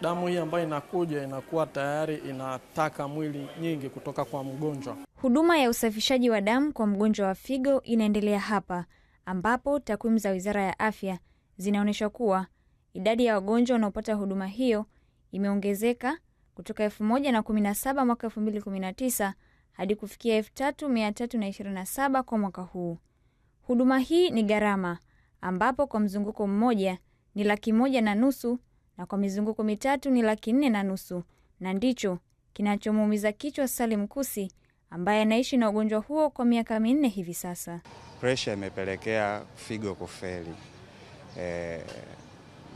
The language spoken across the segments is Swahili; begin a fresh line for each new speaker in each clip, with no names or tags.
Damu hii ambayo inakuja inakuwa tayari inataka mwili nyingi kutoka kwa mgonjwa.
Huduma ya usafishaji wa damu kwa mgonjwa wa figo inaendelea hapa, ambapo takwimu za Wizara ya Afya zinaonyesha kuwa idadi ya wagonjwa wanaopata huduma hiyo imeongezeka kutoka elfu moja na kumi na saba mwaka elfu mbili kumi na tisa hadi kufikia elfu tatu mia tatu na ishirini na saba kwa mwaka huu. Huduma hii ni gharama, ambapo kwa mzunguko mmoja ni laki moja na nusu na kwa mizunguko mitatu ni laki nne na nusu, na ndicho kinachomuumiza kichwa Salim Kusi ambaye anaishi na ugonjwa huo kwa miaka minne hivi sasa.
Presha imepelekea figo kufeli e,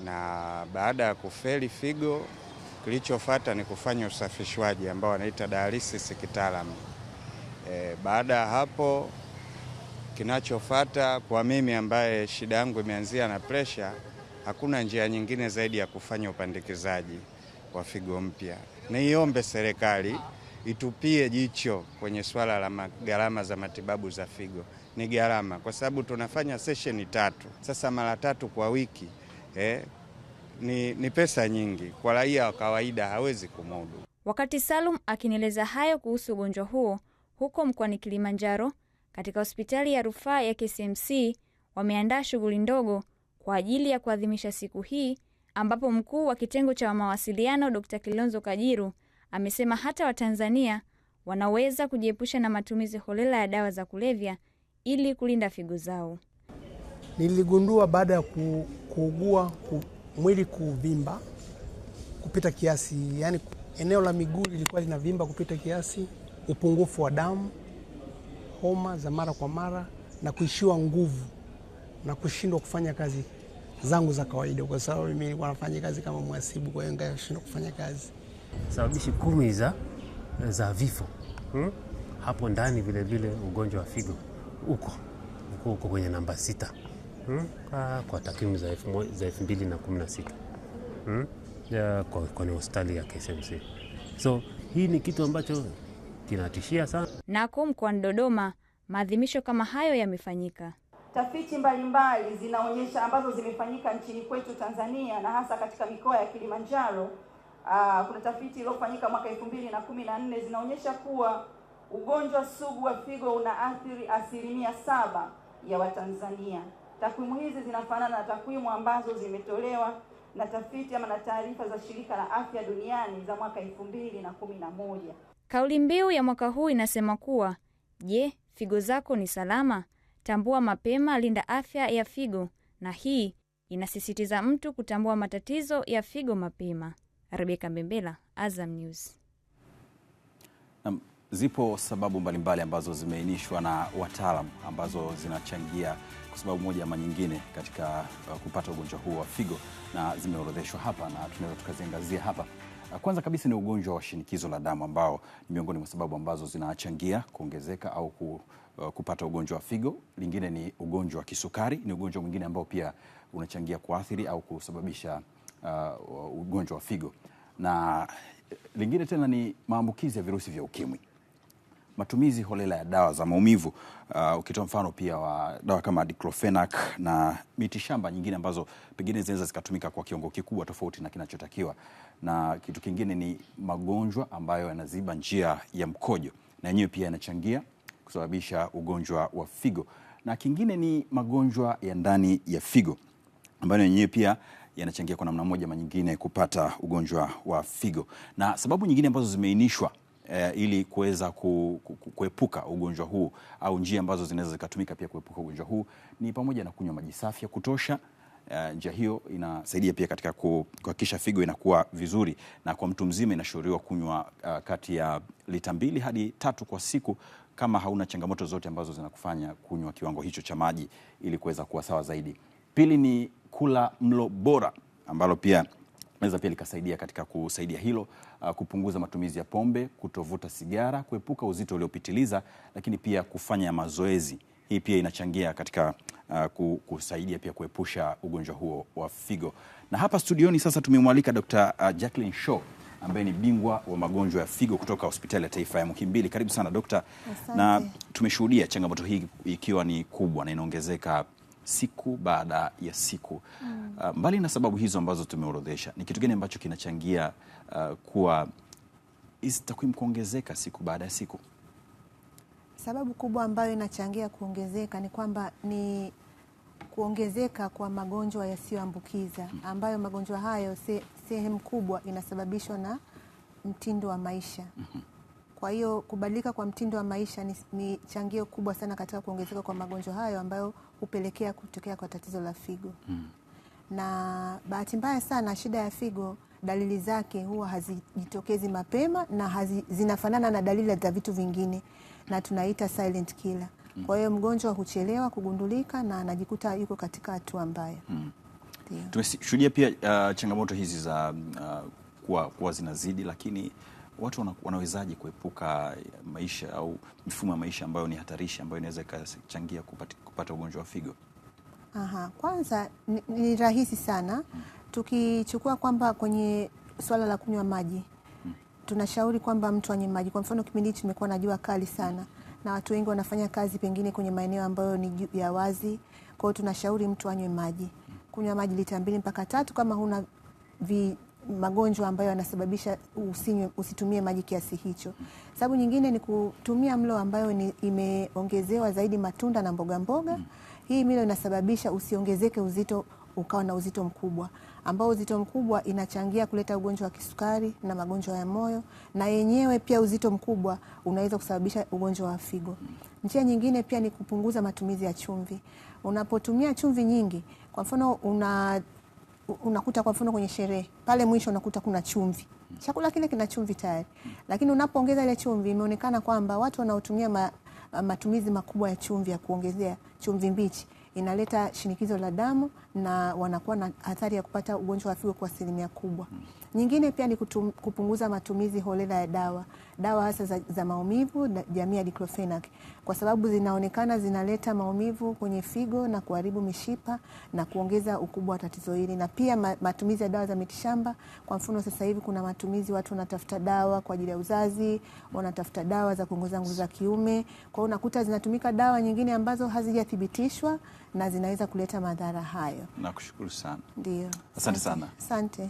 na baada ya kufeli figo kilichofata ni kufanya usafishwaji ambao wanaita dialysis kitaalam. E, baada ya hapo kinachofata kwa mimi ambaye shida yangu imeanzia na presha hakuna njia nyingine zaidi ya kufanya upandikizaji wa figo mpya. Niiombe serikali itupie jicho kwenye swala la gharama za matibabu za figo. Ni gharama kwa sababu tunafanya sesheni tatu sasa, mara tatu kwa wiki eh, ni, ni pesa nyingi kwa raia wa kawaida hawezi kumudu.
Wakati Salum akinieleza hayo kuhusu ugonjwa huo huko mkoani Kilimanjaro, katika hospitali ya rufaa ya KCMC wameandaa shughuli ndogo kwa ajili ya kuadhimisha siku hii ambapo mkuu wa kitengo cha mawasiliano Dr. Kilonzo Kajiru amesema hata Watanzania wanaweza kujiepusha na matumizi holela ya dawa za kulevya ili kulinda figo zao.
Niligundua baada ya kuugua ku, mwili kuvimba kupita kiasi, yani eneo la miguu lilikuwa linavimba kupita kiasi, upungufu wa damu, homa za mara kwa mara na kuishiwa nguvu na kushindwa kufanya kazi zangu za kawaida, kwa sababu mimi nilikuwa nafanya kazi kama mhasibu, kwa hiyo nikashindwa kufanya kazi.
Sababishi kumi za, za vifo hmm? hapo ndani vilevile ugonjwa wa figo uko uko, uko kwenye namba sita hmm? Ah, kwa takwimu za 2016 hmm? kwenye hospitali ya ksmc So hii ni kitu ambacho kinatishia sana.
Nako mkoani Dodoma maadhimisho kama hayo yamefanyika.
Tafiti mbalimbali zinaonyesha ambazo zimefanyika nchini kwetu Tanzania na hasa katika mikoa ya Kilimanjaro. Aa, ah, kuna tafiti iliyofanyika mwaka elfu mbili na kumi na nne zinaonyesha kuwa ugonjwa sugu wa figo unaathiri asilimia saba ya Watanzania. Takwimu hizi zinafanana na takwimu ambazo zimetolewa na tafiti ama na taarifa za shirika la afya duniani za mwaka elfu mbili na kumi na moja.
Kauli mbiu ya mwaka huu inasema kuwa je, figo zako ni salama? Tambua mapema, linda afya ya figo, na hii inasisitiza mtu kutambua matatizo ya figo mapema. Rebeka Mbembela, Azam News.
Um. Zipo sababu mbalimbali ambazo zimeainishwa na wataalam ambazo zinachangia kwa sababu moja ama nyingine katika uh, kupata ugonjwa huu wa figo na zimeorodheshwa hapa na tunaweza tukaziangazia hapa. Ah, kwanza kabisa ni ugonjwa wa shinikizo la damu ambao ni miongoni mwa sababu ambazo zinachangia kuongezeka au ku, uh, kupata ugonjwa wa figo. Lingine ni ugonjwa wa kisukari, ni ugonjwa mwingine ambao pia unachangia kuathiri au kusababisha uh, ugonjwa wa figo, na eh, lingine tena ni maambukizi ya virusi vya ukimwi matumizi holela ya dawa za maumivu uh, ukitoa mfano pia wa dawa kama diclofenac na mitishamba nyingine ambazo pengine zinaweza zikatumika kwa kiwango kikubwa tofauti na kinachotakiwa. Na kitu kingine ni magonjwa ambayo yanaziba njia ya mkojo, na yenyewe pia yanachangia kusababisha ugonjwa wa figo, na kingine ni magonjwa ya ndani ya figo ambayo yenyewe pia yanachangia kwa namna moja ama nyingine kupata ugonjwa wa figo, na sababu nyingine ambazo zimeainishwa eh, ili kuweza ku, ku, kuepuka ugonjwa huu au njia ambazo zinaweza zikatumika pia kuepuka ugonjwa huu ni pamoja na kunywa maji safi ya kutosha. Uh, njia hiyo inasaidia pia katika kuhakikisha figo inakuwa vizuri, na kwa mtu mzima inashauriwa kunywa uh, kati ya lita mbili hadi tatu kwa siku, kama hauna changamoto zote ambazo zinakufanya kunywa kiwango hicho cha maji ili kuweza kuwa sawa zaidi. Pili ni kula mlo bora ambalo pia naweza pia likasaidia katika kusaidia hilo uh, kupunguza matumizi ya pombe, kutovuta sigara, kuepuka uzito uliopitiliza, lakini pia kufanya mazoezi. Hii pia inachangia katika uh, kusaidia pia kuepusha ugonjwa huo wa figo. Na hapa studioni sasa tumemwalika Dr. Ah, Jacqueline Shaw ambaye ni bingwa wa magonjwa ya figo kutoka hospitali ya taifa ya Muhimbili. Karibu sana dokta. Na tumeshuhudia changamoto hii ikiwa ni kubwa na inaongezeka siku baada ya siku mm. Uh, mbali na sababu hizo ambazo tumeorodhesha, ni kitu gani ambacho kinachangia uh, kuwa hizi takwimu kuongezeka siku baada ya siku?
Sababu kubwa ambayo inachangia kuongezeka ni kwamba ni kuongezeka kwa magonjwa yasiyoambukiza hmm. ambayo magonjwa hayo sehemu kubwa inasababishwa na mtindo wa maisha. mm -hmm. Kwa hiyo kubadilika kwa mtindo wa maisha ni, ni changio kubwa sana katika kuongezeka kwa magonjwa hayo ambayo hupelekea kutokea kwa tatizo la figo mm. Na bahati mbaya sana shida ya figo dalili zake huwa hazijitokezi mapema na hazi, zinafanana na dalili za vitu vingine na tunaita silent killer. Mm. Kwa hiyo mgonjwa huchelewa kugundulika na anajikuta yuko katika hatua mbaya. Mm.
Tumeshuhudia pia uh, changamoto hizi za uh, kuwa, kuwa zinazidi lakini watu wanawezaje kuepuka maisha au mifumo ya maisha ambayo ni hatarishi ambayo inaweza ikachangia kupata ugonjwa wa figo?
Aha, kwanza ni, ni rahisi sana hmm. Tukichukua kwamba kwenye swala la kunywa maji hmm. Tunashauri kwamba mtu anywe maji. Kwa mfano kipindi hichi tumekuwa na jua kali sana na watu wengi wanafanya kazi pengine kwenye maeneo ambayo ni ya wazi, kwa hiyo tunashauri mtu anywe maji, kunywa maji lita mbili mpaka tatu kama huna vi magonjwa ambayo yanasababisha usinywe, usitumie maji kiasi hicho. Sababu nyingine ni kutumia mlo ambayo ni imeongezewa zaidi matunda na mboga mboga. Hii milo inasababisha usiongezeke uzito ukawa na uzito mkubwa ambao uzito mkubwa inachangia kuleta ugonjwa wa kisukari na magonjwa ya moyo, na yenyewe pia uzito mkubwa unaweza kusababisha ugonjwa wa figo. Njia nyingine pia ni kupunguza matumizi ya chumvi. Unapotumia chumvi nyingi, kwa mfano una unakuta kwa mfano kwenye sherehe pale mwisho unakuta kuna chumvi, chakula kile kina chumvi tayari, lakini unapoongeza ile chumvi, imeonekana kwamba watu wanaotumia ma, matumizi makubwa ya chumvi ya kuongezea chumvi mbichi inaleta shinikizo la damu na wanakuwa na hatari ya kupata ugonjwa wa figo kwa asilimia kubwa. Nyingine pia ni kutum, kupunguza matumizi holela ya dawa dawa hasa za, za maumivu jamii ya diclofenac kwa sababu zinaonekana zinaleta maumivu kwenye figo na kuharibu mishipa na kuongeza ukubwa wa tatizo hili, na pia matumizi ya dawa za mitishamba. Kwa mfano, sasa hivi kuna matumizi, watu wanatafuta dawa kwa ajili ya uzazi, wanatafuta dawa za kuongeza nguvu za kiume. Kwa hiyo unakuta zinatumika dawa nyingine ambazo hazijathibitishwa na zinaweza kuleta madhara hayo.
Nakushukuru sana. Ndio, asante sana.
Asante.